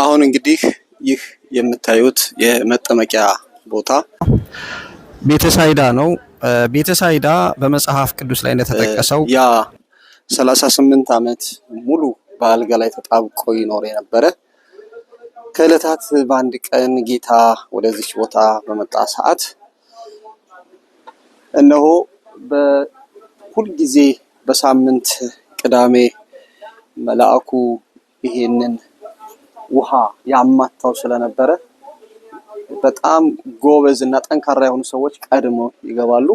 አሁን እንግዲህ ይህ የምታዩት የመጠመቂያ ቦታ ቤተሳይዳ ነው። ቤተሳይዳ በመጽሐፍ ቅዱስ ላይ እንደተጠቀሰው ያ ሰላሳ ስምንት ዓመት ሙሉ በአልጋ ላይ ተጣብቆ ይኖር የነበረ ከእለታት በአንድ ቀን ጌታ ወደዚች ቦታ በመጣ ሰዓት እነሆ በሁልጊዜ በሳምንት ቅዳሜ መልአኩ ይሄንን ውሃ ያማታው ስለነበረ በጣም ጎበዝ እና ጠንካራ የሆኑ ሰዎች ቀድመው ይገባሉ፣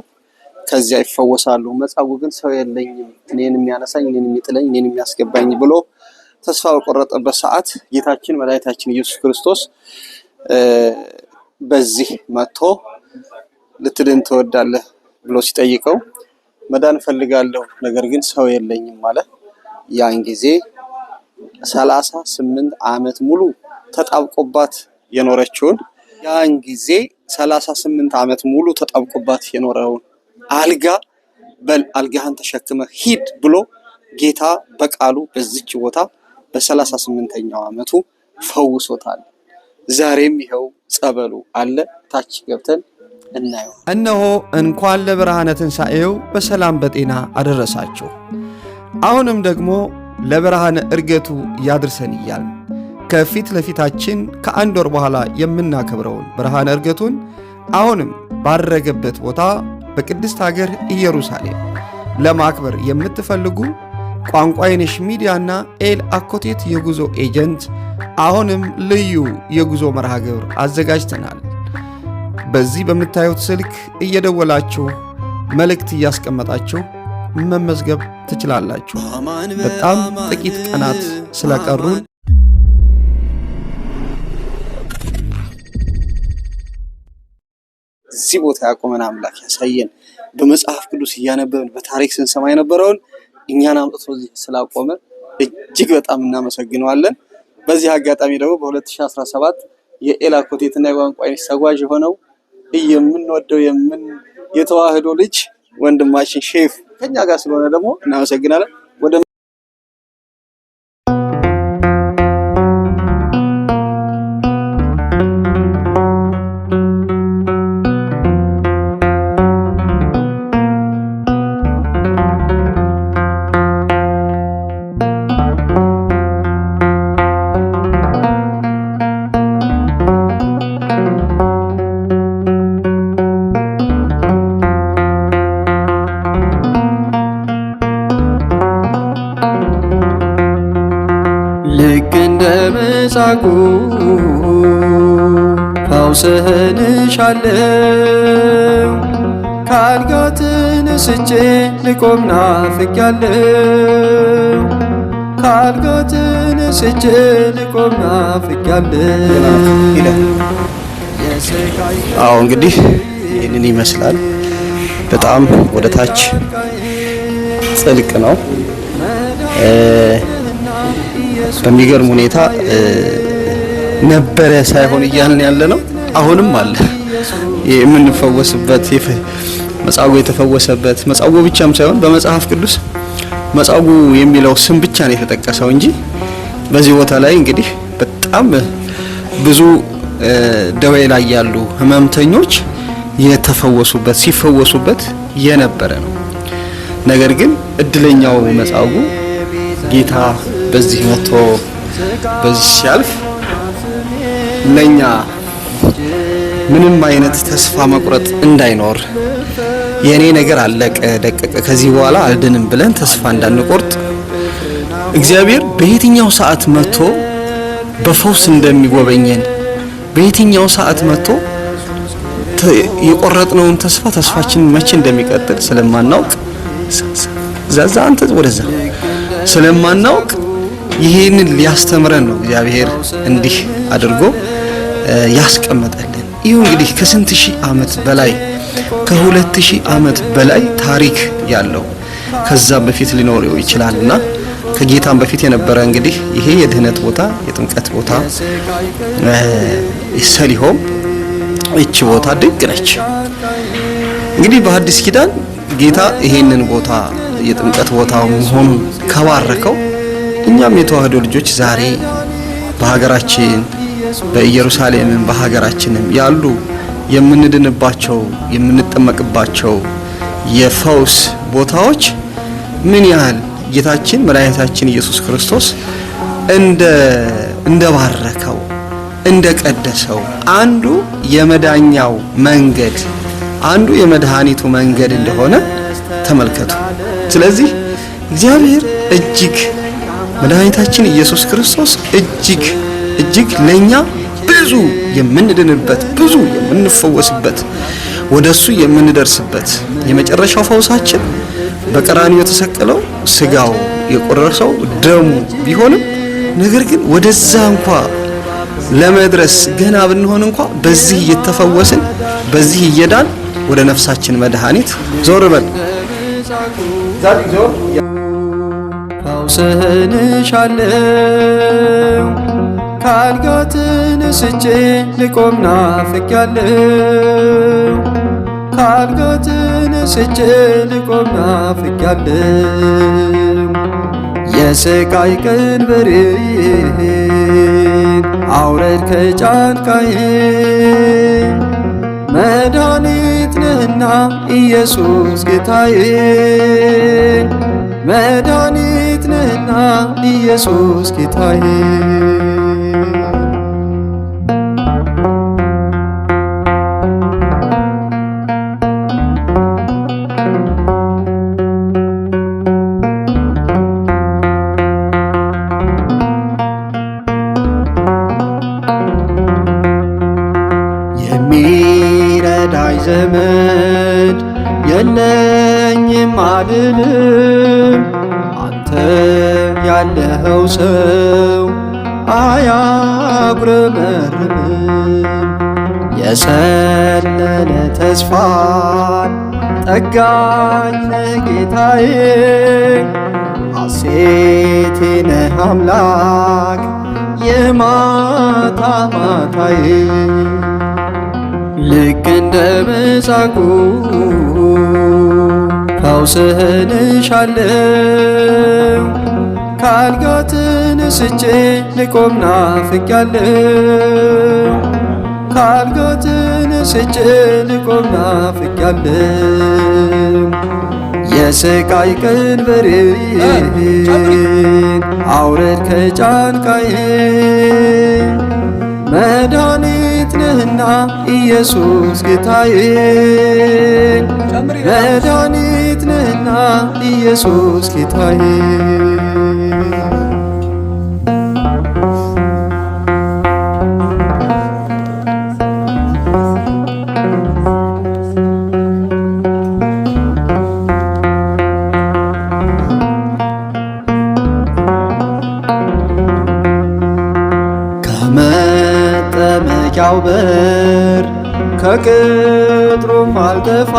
ከዚያ ይፈወሳሉ። መጻጉዕ ግን ሰው የለኝም፣ እኔን የሚያነሳኝ፣ እኔን የሚጥለኝ፣ እኔን የሚያስገባኝ ብሎ ተስፋ በቆረጠበት ሰዓት ጌታችን መድኃኒታችን ኢየሱስ ክርስቶስ በዚህ መጥቶ ልትድን ትወዳለህ ብሎ ሲጠይቀው መዳን ፈልጋለሁ ነገር ግን ሰው የለኝም ማለት ያን ጊዜ ሰላሳ ስምንት ዓመት ሙሉ ተጣብቆባት የኖረችውን ያን ጊዜ ሰላሳ ስምንት ዓመት ሙሉ ተጣብቆባት የኖረውን አልጋ በል አልጋህን ተሸክመ ሂድ ብሎ ጌታ በቃሉ በዚች ቦታ በሰላሳ ስምንተኛው ዓመቱ ፈውሶታል። ዛሬም ይኸው ጸበሉ አለ። ታች ገብተን እናየው። እነሆ እንኳን ለብርሃነ ትንሣኤው በሰላም በጤና አደረሳችሁ። አሁንም ደግሞ ለብርሃነ እርገቱ ያድርሰን እያል ከፊት ለፊታችን ከአንድ ወር በኋላ የምናከብረውን ብርሃነ እርገቱን አሁንም ባረገበት ቦታ በቅድስት አገር ኢየሩሳሌም ለማክበር የምትፈልጉ ቋንቋ የነሽ ሚዲያና ኤል አኮቴት የጉዞ ኤጀንት አሁንም ልዩ የጉዞ መርሃ ግብር አዘጋጅተናል። በዚህ በምታዩት ስልክ እየደወላችሁ መልእክት እያስቀመጣችሁ መመዝገብ ትችላላችሁ። በጣም ጥቂት ቀናት ስለቀሩን እዚህ ቦታ ያቆመን አምላክ ያሳየን። በመጽሐፍ ቅዱስ እያነበብን በታሪክ ስንሰማ የነበረውን እኛን አምጥቶ እዚህ ስላቆመ እጅግ በጣም እናመሰግነዋለን። በዚህ አጋጣሚ ደግሞ በ2017 የኤላ ኮቴትና የቋንቋ ሰጓዥ የሆነው የምንወደው የምን የተዋህዶ ልጅ ወንድማችን ሼፍ ከኛ ጋር ስለሆነ ደግሞ እናመሰግናለን። በምራቁ ፈውስህን ሻለው ከአልጋ ተነስቼ ልቆም ናፍቄያለሁ ከአልጋ ተነስቼ ልቆም ናፍቄያለሁ። አዎ እንግዲህ ይህንን ይመስላል። በጣም ወደ ታች ጥልቅ ነው። በሚገርም ሁኔታ ነበረ ሳይሆን እያልን ያለ ነው። አሁንም አለ የምንፈወስበት መጻጉ የተፈወሰበት መጻጉ ብቻም ሳይሆን በመጽሐፍ ቅዱስ መጻጉ የሚለው ስም ብቻ ነው የተጠቀሰው እንጂ በዚህ ቦታ ላይ እንግዲህ በጣም ብዙ ደዌ ላይ ያሉ ህመምተኞች የተፈወሱበት ሲፈወሱበት የነበረ ነው። ነገር ግን እድለኛው መጻጉ ጌታ በዚህ መጥቶ በዚህ ሲያልፍ ለኛ ምንም አይነት ተስፋ መቁረጥ እንዳይኖር የኔ ነገር አለቀ ደቀቀ፣ ከዚህ በኋላ አልድንም ብለን ተስፋ እንዳንቆርጥ እግዚአብሔር በየትኛው ሰዓት መጥቶ በፈውስ እንደሚጎበኘን በየትኛው ሰዓት መጥቶ የቆረጥነውን ተስፋ ተስፋችንን መቼ እንደሚቀጥል ስለማናውቅ ዛዛ አንተ ወደዛ ስለማናውቅ ይሄንን ሊያስተምረን ነው እግዚአብሔር እንዲህ አድርጎ ያስቀመጠልን። ይህ እንግዲህ ከስንት ሺህ ዓመት በላይ ከሁለት ሺህ ዓመት በላይ ታሪክ ያለው ከዛም በፊት ሊኖረው ይችላልና ከጌታም በፊት የነበረ እንግዲህ ይሄ የድህነት ቦታ የጥምቀት ቦታ ሰሊሆም እቺ ቦታ ድንቅ ነች። እንግዲህ በአዲስ ኪዳን ጌታ ይሄንን ቦታ የጥምቀት ቦታ መሆኑን ከባረከው እኛም የተዋህዶ ልጆች ዛሬ በሀገራችን በኢየሩሳሌምም በሀገራችንም ያሉ የምንድንባቸው የምንጠመቅባቸው የፈውስ ቦታዎች ምን ያህል ጌታችን መድኃኒታችን ኢየሱስ ክርስቶስ እንደ እንደባረከው እንደ ቀደሰው አንዱ የመዳኛው መንገድ አንዱ የመድኃኒቱ መንገድ እንደሆነ ተመልከቱ። ስለዚህ እግዚአብሔር እጅግ መድኃኒታችን ኢየሱስ ክርስቶስ እጅግ እጅግ ለኛ ብዙ የምንድንበት ብዙ የምንፈወስበት ወደ እሱ የምንደርስበት የመጨረሻው ፈውሳችን በቀራንዮ የተሰቀለው ስጋው የቆረሰው ደሙ ቢሆንም ነገር ግን ወደዛ እንኳ ለመድረስ ገና ብንሆን እንኳ በዚህ እየተፈወስን በዚህ እየዳን ወደ ነፍሳችን መድኃኒት ዞር በል ነፍስህን ሻለው ከአልጋ ተነስቼ ልቆም ናፍቄያለሁ ከአልጋ ተነስቼ ልቆም ናፍቄያለሁ የስቃይ ቀንበሬን አውረድ ከጫንቃዬ መድኃኒት ነህና ኢየሱስ ጌታዬ መድኃኒት ቤትንህና ኢየሱስ ጌታዬ የሚረዳኝ ዘመድ የለኝም አልልም ያለኸው ሰው አያጉረመርምም የሰለለ ተስፋን ጠጋኝ ነህ ጌታዬ ሐሴቴ ነህ አምላክ የማታ ማታዬ ልክ እንደ መሳኩ አውስህንሻለው ከአልጋ ተነስቼ ልቆም ናፍቄያለሁ ከአልጋ ተነስቼ ልቆም ናፍቄያለሁ የስቃይ ቀንበሬን አውረድ ከጫንቃዬ መድኃኒት ነህና ኢየሱስ ጌታዬ መድኃኒት ነህና ኢየሱስ ጌታዬ ከመጠመቂያው በር ከቅጥሩም አልተፋ።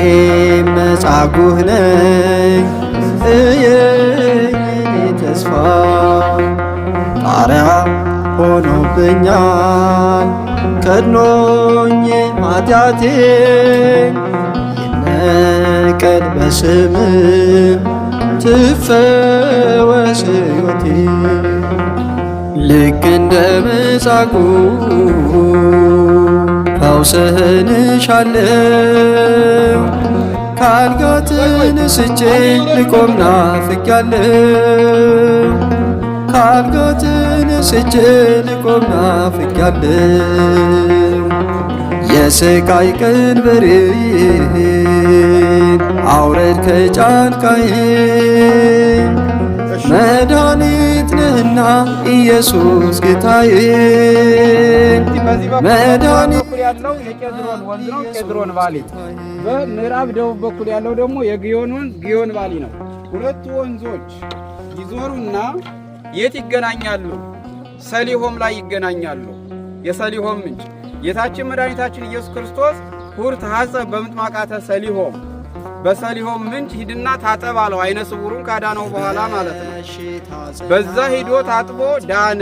እኔም መጻጉዕ ነኝ እየኝ ተስፋ ጣሪያ ሆኖብኛል ከድኖኝ ኃጢአቴ ይነቀል በስም ትፈወስ ሕይወቴ ልክ እንደ መጻጉዕ አስታውስህንሻለው ከአልጋ ተነስቼ ልቆም ናፍቄያለሁ ከአልጋ ተነስቼ ልቆም ናፍቄያለሁ የስቃይ ቀንበሬን አውረድ ከጫንቃዬ መድኃኒት ነህና ኢየሱስ ጌታዬ ያለው የቄድሮን ወንዝ ነው፣ ቫሊ። በምዕራብ ደቡብ በኩል ያለው ደግሞ የግዮን ወንዝ ግዮን ቫሊ ነው። ሁለቱ ወንዞች ይዞሩና የት ይገናኛሉ? ሰሊሆም ላይ ይገናኛሉ። የሰሊሆም ምንጭ ጌታችን መድኃኒታችን ኢየሱስ ክርስቶስ ሁር ተሐጸብ በምጥማቃተ ሰሊሆም በሰሊሆም ምንጭ ሂድና ታጠብ አለው። አይነ ስውሩን ካዳነው በኋላ ማለት ነው። በዛ ሂዶ ታጥቦ ዳነ፣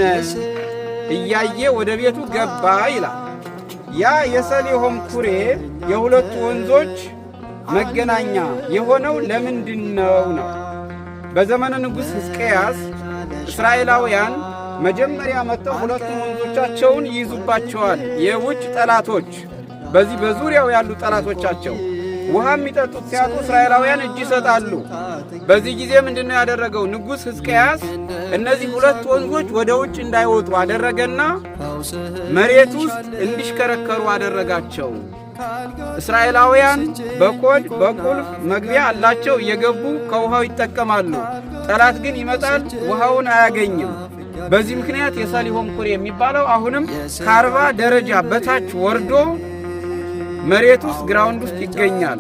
እያየ ወደ ቤቱ ገባ ይላል። ያ የሰሊሆም ኩሬ የሁለቱ ወንዞች መገናኛ የሆነው ለምንድን ነው ነው? በዘመነ ንጉሥ ሕዝቅያስ እስራኤላውያን መጀመሪያ መጥተው ሁለቱም ወንዞቻቸውን ይይዙባቸዋል። የውጭ ጠላቶች፣ በዚህ በዙሪያው ያሉ ጠላቶቻቸው ውሃ የሚጠጡት ሲያጡ እስራኤላውያን እጅ ይሰጣሉ። በዚህ ጊዜ ምንድነው ያደረገው? ንጉሥ ሕዝቅያስ እነዚህ ሁለት ወንዞች ወደ ውጭ እንዳይወጡ አደረገና መሬት ውስጥ እንዲሽከረከሩ አደረጋቸው። እስራኤላውያን በኮድ በቁልፍ መግቢያ አላቸው። እየገቡ ከውሃው ይጠቀማሉ። ጠላት ግን ይመጣል፣ ውሃውን አያገኝም። በዚህ ምክንያት የሰሊሆም ኩሬ የሚባለው አሁንም ከአርባ ደረጃ በታች ወርዶ መሬት ውስጥ ግራውንድ ውስጥ ይገኛል።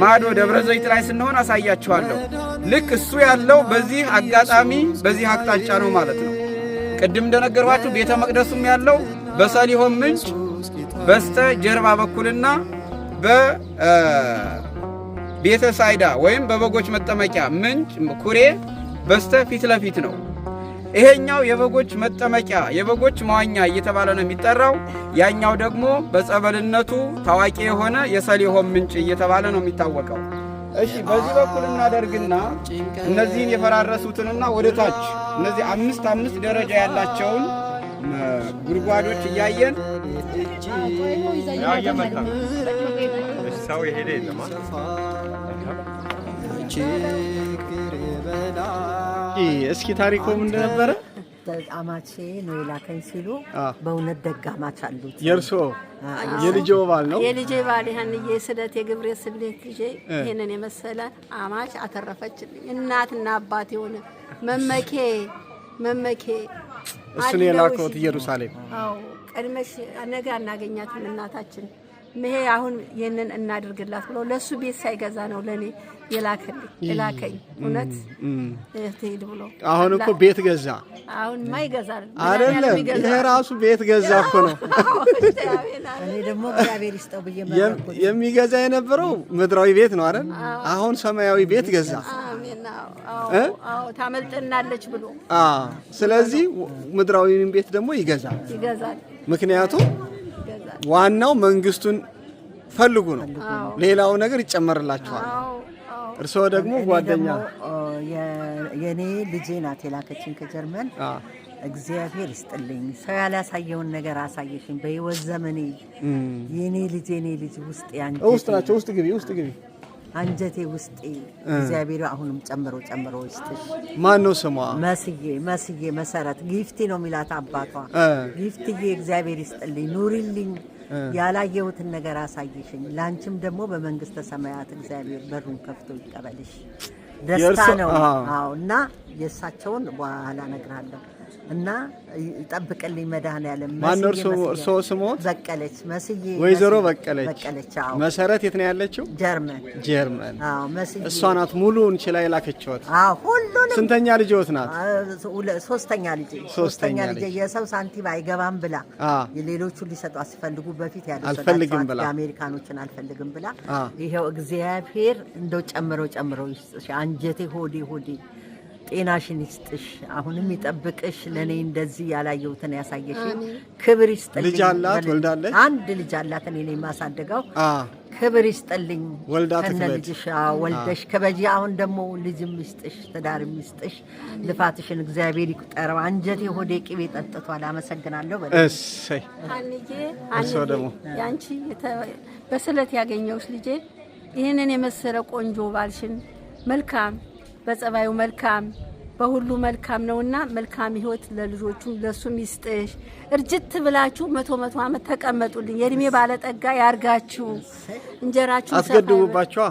ማዶ ደብረ ዘይት ላይ ስንሆን አሳያችኋለሁ። ልክ እሱ ያለው በዚህ አጋጣሚ በዚህ አቅጣጫ ነው ማለት ነው። ቅድም እንደነገርኋችሁ ቤተ መቅደሱም ያለው በሰሊሆን ምንጭ በስተ ጀርባ በኩልና በቤተ ሳይዳ ወይም በበጎች መጠመቂያ ምንጭ ኩሬ በስተ ፊት ለፊት ነው። ይሄኛው የበጎች መጠመቂያ የበጎች መዋኛ እየተባለ ነው የሚጠራው። ያኛው ደግሞ በጸበልነቱ ታዋቂ የሆነ የሰሊሆም ምንጭ እየተባለ ነው የሚታወቀው። እሺ፣ በዚህ በኩል እናደርግና እነዚህን የፈራረሱትንና ወደ ታች እነዚህ አምስት አምስት ደረጃ ያላቸውን ጉድጓዶች እያየን ሰው የሄደ የለማ እስኪ ታሪኮ ምን እንደነበረ አማቼ ነው የላከኝ ሲሉ በእውነት ደግ አሉት። የእርስዎ የልጄ ባል ነው የልጄ ባል ይህንዬ የስለት የግብሬ ስሌት ልጄ ይህንን የመሰለ አማች አተረፈችልኝ። እናትና አባት የሆነ መመኬ መመኬ እሱን የላከዎት ኢየሩሳሌም። አዎ ቀድመሽ ነገ አናገኛትም እናታችን ይሄ አሁን ይህንን እናድርግላት ብሎ ለእሱ ቤት ሳይገዛ ነው ለእኔ የላከኝ። እውነት ትሄድ ብሎ አሁን እኮ ቤት ገዛ። አሁን ማ ይገዛል አይደለም? ይሄ ራሱ ቤት ገዛ እኮ ነው። እኔ ደግሞ እግዚአብሔር ይስጠው ብዬ የሚገዛ የነበረው ምድራዊ ቤት ነው አይደል? አሁን ሰማያዊ ቤት ገዛ። ታመልጥናለች ብሎ ስለዚህ ምድራዊ ቤት ደግሞ ይገዛል። ምክንያቱም ዋናው መንግስቱን ፈልጉ ነው። ሌላው ነገር ይጨመርላችኋል። እርስዎ ደግሞ ጓደኛ የኔ ልጄ ናት የላከችን ከጀርመን እግዚአብሔር ይስጥልኝ። ሰው ያላሳየውን ነገር አሳየሽኝ በህይወት ዘመኔ የኔ ልጅ የኔ ልጅ ውስጥ ያን ውስጥ ናቸው። ውስጥ ግቢ ውስጥ ግቢ አንጀቴ ውስጤ እግዚአብሔር አሁንም ጨምሮ ጨምሮ ይስጥሽ። ማን ነው ስሟ? መስዬ መስዬ መሰረት ጊፍቲ ነው የሚላት አባቷ። ጊፍትዬ እግዚአብሔር ይስጥልኝ፣ ኑሪልኝ፣ ያላየሁትን ነገር አሳይሽኝ። ለአንቺም ደግሞ በመንግስተ ሰማያት እግዚአብሔር በሩን ከፍቶ ይቀበልሽ። ደስታ ነው እና የእሳቸውን በኋላ እነግርሃለሁ። እና ይጠብቅልኝ መድኃኔዓለም። ማነው እርስዎ ስሞት? በቀለች መስዬ። ወይዘሮ በቀለች መሰረት የት ነው ያለችው? ጀርመን ጀርመን። እሷ ናት ሙሉውን ችላ የላከችዎት? ሁሉንም። ስንተኛ ልጅዎት ናት? ሶስተኛ ልጅ። ሶስተኛ ልጅ የሰው ሳንቲም አይገባም ብላ ሌሎቹን ሊሰጡ ሲፈልጉ በፊት ያለ አልፈልግም ብላ የአሜሪካኖችን አልፈልግም ብላ ይኸው እግዚአብሔር እንደው ጨምረው ጨምረው አንጀቴ ሆዴ ሆዴ ጤናሽን ይስጥሽ፣ አሁንም ይጠብቅሽ። ለእኔ እንደዚህ ያላየሁትን ያሳየሽ ክብር ይስጥልኝ። ልጅ አላት ወልዳለች። አንድ ልጅ አላት፣ እኔ የማሳደገው። ክብር ይስጥልኝ። ከነ ልጅሽ ወልደሽ ከበጂ። አሁን ደግሞ ልጅም ይስጥሽ፣ ትዳርም ይስጥሽ። ልፋትሽን እግዚአብሔር ይቁጠረው። አንጀቴ ሆዴ ቅቤ ጠጥቷል። አመሰግናለሁ። እሰይ ደግሞ ያንቺ በስለት ያገኘውሽ ልጄ ይህንን የመሰለ ቆንጆ ባልሽን መልካም በጸባዩ መልካም በሁሉ መልካም ነውና መልካም ህይወት ለልጆቹ ለሱም ሚስጥሽ እርጅት ብላችሁ መቶ መቶ አመት ተቀመጡልኝ። የእድሜ ባለጠጋ ያርጋችሁ። እንጀራችሁ አትገድቡባቸዋ።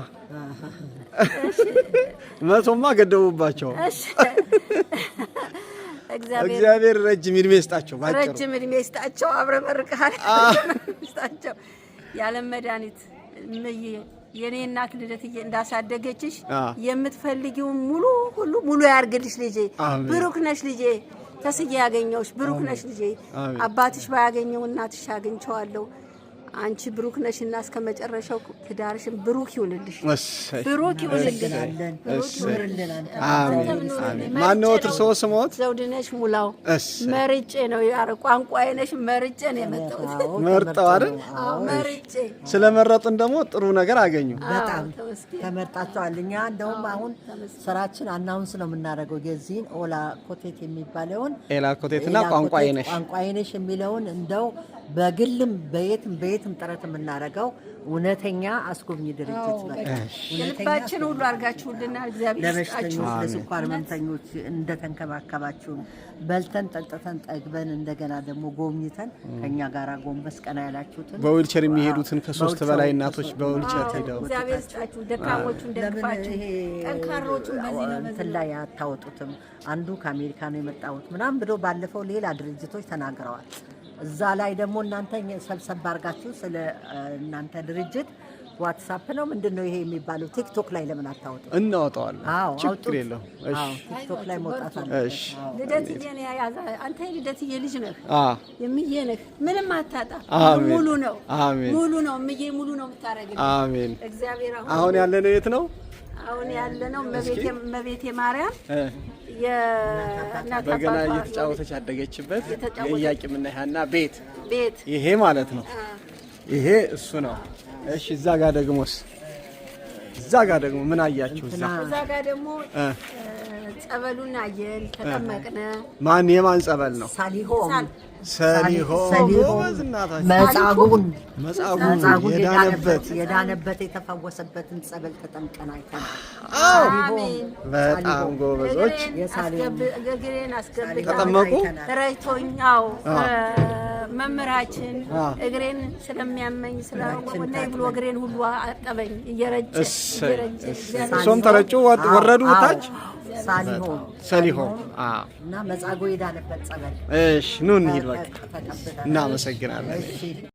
መቶማ ገደቡባቸው። እግዚአብሔር ረጅም እድሜ ይስጣቸው። ረጅም እድሜ ይስጣቸው። አብረ መርቃል ይስጣቸው። ያለም መድኃኒት ምዬ የኔ እናት ልደትዬ እንዳሳደገችሽ የምትፈልጊውን ሙሉ ሁሉ ሙሉ ያርግልሽ ልጄ። ብሩክ ነሽ ልጄ፣ ተስዬ ያገኘውሽ ብሩክ ነሽ ልጄ። አባትሽ ባያገኘው እናትሽ አግኝቸዋለሁ። አንቺ ብሩክ ነሽ እና እስከ መጨረሻው ትዳርሽን ብሩክ ይሁንልሽ፣ ብሩክ ይሁንልሽ። ማነዎት እርስዎ ስሞት? ዘውድነሽ ሙላው። መርጬ ነው ያረ ቋንቋዬ ነሽ። መርጬ ነው የመጣሁት። መርጠው አይደል? መርጬ ስለመረጡን ደግሞ ጥሩ ነገር አገኙ። በጣም ተመርጣችኋል። እኛ እንደውም አሁን ስራችን አናውንስ ነው የምናደርገው የዚህን ኦላ ኮቴት የሚባለውን ኤላ ኮቴት እና ቋንቋዬ ነሽ ቋንቋዬ ነሽ የሚለውን እንደው በግልም በየትም በየትም ሁላችንም ጥረት የምናደርገው እውነተኛ አስጎብኝ ድርጅት ልባችን ሁሉ አድርጋችሁልናል። እግዚአብሔር ይስጣችሁ። ለስኳር ህመምተኞች እንደተንከባከባችሁን በልተን ጠጥተን ጠግበን እንደገና ደግሞ ጎብኝተን ከእኛ ጋር ጎንበስ ቀና ያላችሁትን በዊልቸር የሚሄዱትን ከሶስት በላይ እናቶች በዊልቸር ሄደው እግዚአብሔር ይስጣችሁ። ደካሞቹን ደግፋችሁ ጠንካሮቹን በዚህ ላይ አታወጡትም። አንዱ ከአሜሪካ ነው የመጣሁት ምናምን ብሎ ባለፈው ሌላ ድርጅቶች ተናግረዋል። እዛ ላይ ደግሞ እናንተ ሰብሰብ አድርጋችሁ ስለ እናንተ ድርጅት ዋትሳፕ ነው ምንድን ነው ይሄ የሚባለው? ቲክቶክ ላይ ለምን አታወጡ? እናወጣዋለን። ችግር የለው። ቲክቶክ ላይ መውጣት አለ። እሺ ልደትዬ ነህ ያዛ አንተ ልደትዬ ልጅ ነህ። የምዬ ነህ። ምንም አታጣ። ሙሉ ነው። ሙሉ ነው። ምዬ ሙሉ ነው የምታረግልኝ። አሜን። እግዚአብሔር አሁን ያለነው የት ነው? አሁን ያለነው መቤቴ ማርያም በገና እየተጫወተች ያደገችበት የኢያቄምና ሐና ቤት ቤት ይሄ ማለት ነው። ይሄ እሱ ነው። እሺ እዛ ጋር ደግሞስ እዛ ጋር ደግሞ ምን አያችሁ? እዛ ጋር ደግሞ ጸበሉን አየን፣ ተጠመቅነ። ማን የማን ጸበል ነው? ሳሊሆም ሰሊሆም መጻጉዕን መጻጉዕ የዳነበት የዳነበት የተፈወሰበትን ጸበል ተጠምቀን አይተናል። በጣም ጎበዞች። ተጠመቁ ተረጅቶኛው መምህራችን እግሬን ስለሚያመኝ ስለወና ብሎ እግሬን ሁሉ አጠበኝ። እየረጀ ተረጩ ወረዱ ታች እና ጸበል። እሺ ኑ እንሂድ በቃ። እናመሰግናለን።